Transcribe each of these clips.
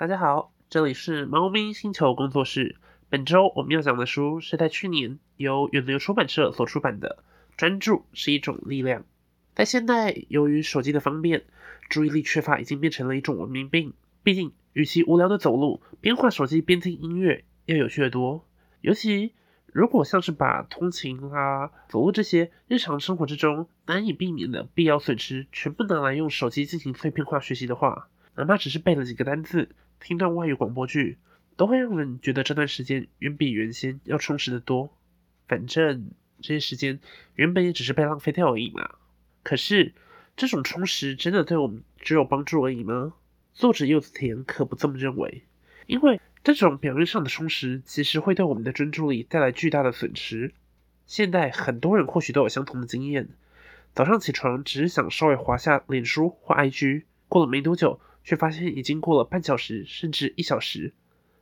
大家好，這裡是貓咪星球工作室。本周我們要講的書是在去年由遠流出版社所出版的《專注是一種力量》。在現代，由於手機的方便，注意力缺乏已經變成了一種文明病。畢竟，與其無聊的走路邊滑手機邊聽音樂，要有趣得多。尤其如果像是把通勤啊、走路這些日常生活之中難以避免的必要損失，全部拿來用手機進行碎片化學習的話，哪怕只是背了幾個單字。聽到外語廣播劇，都會讓人覺得這段時間遠比原先要充實得多。反正這些時間原本也只是被浪費掉而已嘛。可是，這種充實真的對我們只有幫助而已嗎？作者柚子甜可不這麼認為，因為這種表面上的充實，其實會對我們的專注力帶來巨大的損失。現在很多人或許都有相同的經驗：早上起床只是想稍微滑下臉書或 IG，過了沒多久。卻發現已經過了半小時，甚至一小時，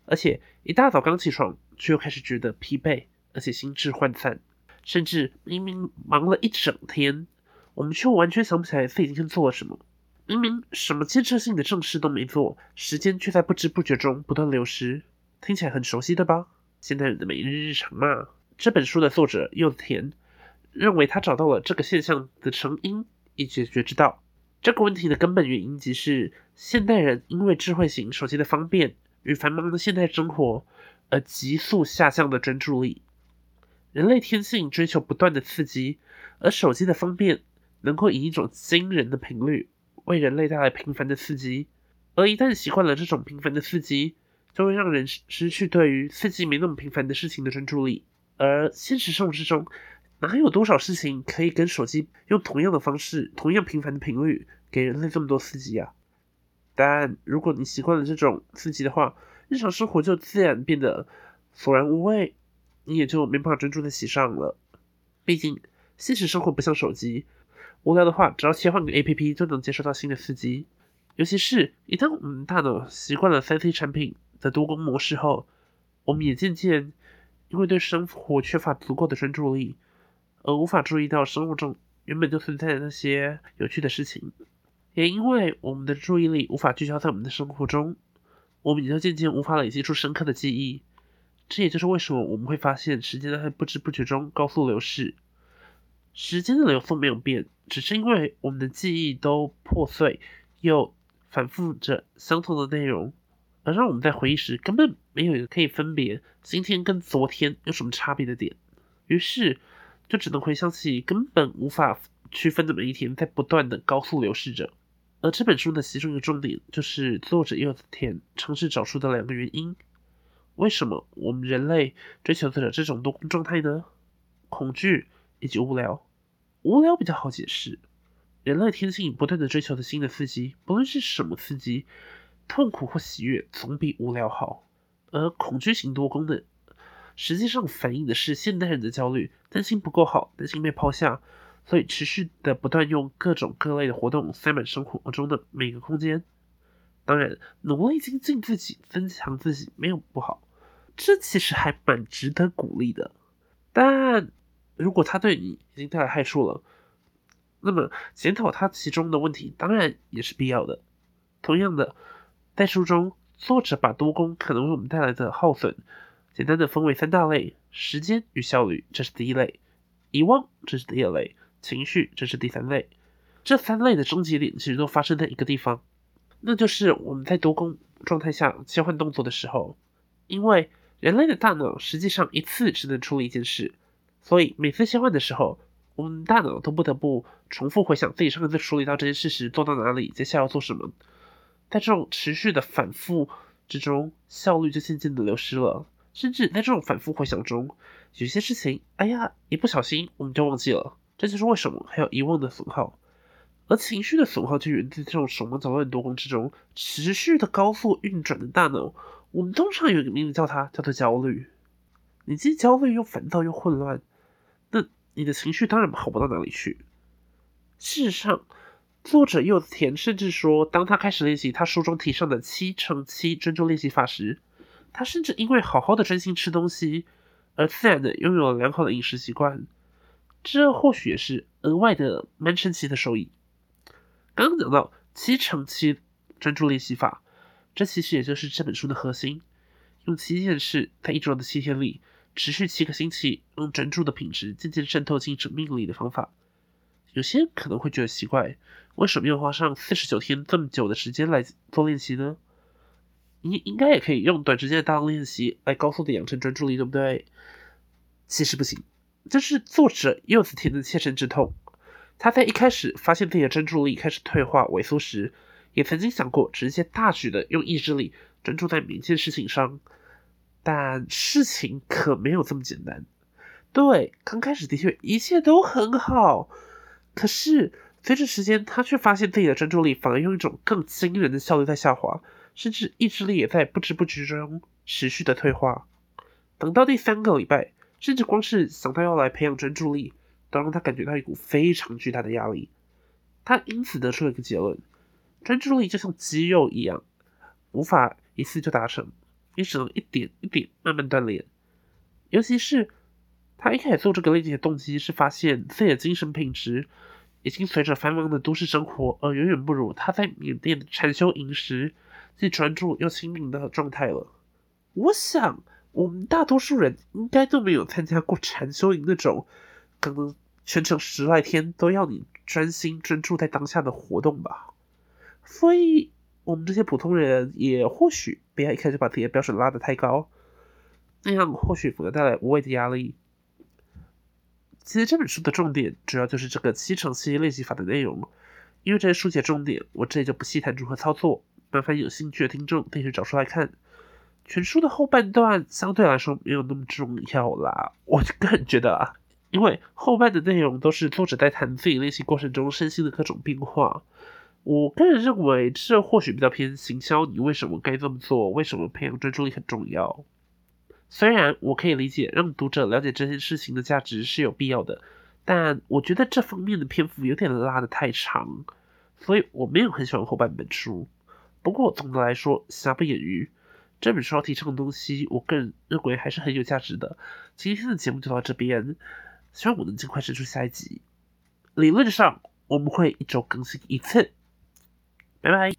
而且一大早剛起床，卻又開始覺得疲憊，而且心智渙散，甚至明明忙了一整天，我們卻完全想不起來自己今天做了什麼。明明什麼建設性的正事都沒做，時間卻在不知不覺中不斷流失。聽起來很熟悉的吧？現代人的每日日常嘛。這本書的作者又田認為，他找到了這個現象的成因以解決之道。這個問題的根本原因即是。現代人因為智慧型手機的方便與繁忙的現代生活，而急速下降的專注力。人類天性追求不斷的刺激，而手機的方便能夠以一種驚人的頻率為人類帶來頻繁的刺激。而一旦習慣了這種頻繁的刺激，就會讓人失去對於刺激沒那麼頻繁的事情的專注力。而現實生活之中，哪有多少事情可以跟手機用同樣的方式、同樣頻繁的頻率給人類這麼多刺激啊？但如果你習慣了這種刺激的話，日常生活就自然變得索然無味，你也就沒辦法專注在其上了。畢竟現實生活不像手機，無聊的話只要切換個 APP 就能接收到新的刺激。尤其是，一旦我們大腦習慣了 3C 產品的多工模式後，我們也漸漸因為對生活缺乏足夠的專注力，而無法注意到生活中原本就存在的那些有趣的事情。也因為我們的注意力無法聚焦在我們的生活中，我們也就漸漸無法累積出深刻的記憶。這也就是為什麼我們會發現時間在不知不覺中高速流逝。時間的流速沒有變，只是因為我們的記憶都破碎，又反復着相同的內容，而讓我們在回憶時根本沒有一個可以分別今天跟昨天有什麼差別的點。於是就只能回想起根本無法區分的每一天，在不斷的高速流逝着。而這本書的其中一個重點就是作者柚子甜嘗試找出的兩個原因：為什麼我們人類追求的這種多工狀態呢？恐懼以及無聊。無聊比較好解釋，人類天性不斷地追求的新的刺激，不論是什麼刺激，痛苦或喜悅，總比無聊好。而恐懼型多工的，實際上反映的是現代人的焦慮，擔心不夠好，擔心被拋下。所以持續的不斷用各種各類的活動塞滿生活中的每個空間，當然努力精進自己、增強自己沒有不好，這其實還蠻值得鼓勵的。但如果他對你已經帶來害處了，那麼檢討他其中的問題當然也是必要的。同樣的，在書中作者把多工可能為我們帶來的耗損，簡單的分為三大類：時間與效率，這是第一類；遺忘，這是第二類。情緒，這是第三類。這三類的終極點其實都發生在一個地方，那就是我們在多工狀態下切換動作的時候。因為人類的大腦實際上一次只能處理一件事，所以每次切換的時候，我們大腦都不得不重複回想自己上次處理到這件事時做到哪裡，接下來要做什麼。在這種持續的反覆之中，效率就漸漸的流失了。甚至在這種反覆回想中，有些事情，哎呀，一不小心我們就忘記了。這就是為什麼還有遺忘的損耗，而情緒的損耗就源自這種手忙腳亂、多工之中持續的高速運轉的大腦。我們通常有一個名字叫它，叫做焦慮。你既焦慮又煩躁又混亂，那你的情緒當然好不到哪裡去。事實上，作者又田甚至說，當他開始練習他書中提倡的七乘七專注練習法時，他甚至因為好好的專心吃東西，而自然的擁有了良好的飲食習慣。這或許也是額外的蠻神奇的收益。剛剛講到七乘七專注練習法，這其實也就是這本書的核心。用七件事在一周的七天裡持續七個星期，用專注的品質漸漸滲透進生命裡的方法。有些人可能會覺得奇怪，為什麼要花上四十九天這麼久的時間來做練習呢？應應該也可以用短時間的大量練習來高速的養成專注力，對不對？其實不行。這是作者柚子甜的切身之痛。他在一開始發現自己的專注力開始退化萎縮時，也曾經想過直接大舉的用意志力專注在每件事情上，但事情可沒有這麼簡單。對，剛開始的確一切都很好，可是隨着時間，他卻發現自己的專注力反而用一種更驚人的效率在下滑，甚至意志力也在不知不覺中持續的退化。等到第三個禮拜。甚至光是想到要來培養專注力，都讓他感覺到一股非常巨大的壓力。他因此得出了一個結論：專注力就像肌肉一樣，無法一次就達成，你只能一點一點慢慢鍛鍊。尤其是他一開始做這個練習的動機，是發現自己的精神品質已經隨着繁忙的都市生活而遠遠不如他在緬甸禪修營，既專注又清明的狀態了。我想。我們大多數人應該都沒有參加過禪修營那種，可、嗯、能全程十來天都要你專心專注在當下的活動吧，所以我們這些普通人也或許不要一開始把自己的標準拉得太高，那樣或許不會帶來無謂的壓力。其實這本書的重點主要就是這個七乘七練習法的內容，因為這些書寫的重點，我這裡就不細談如何操作，麻煩有興趣的聽眾可以去找書來看。全書的後半段相對來說沒有那麼重要啦。我個人覺得啊，因為後半的內容都是作者在談自己練習過程中身心的各種變化。我個人認為這或許比較偏行銷，你為什麼該這麼做？為什麼培養專注力很重要？雖然我可以理解讓讀者了解這件事情的價值是有必要的，但我覺得這方面的篇幅有點拉得太長，所以我沒有很喜歡後半本書。不過總的來說，瑕不掩瑜。這本書要提倡的東西，我個人認為還是很有價值的。今天的節目就到這邊，希望我能盡快生出下一集。理論上，我們會一周更新一次。拜拜。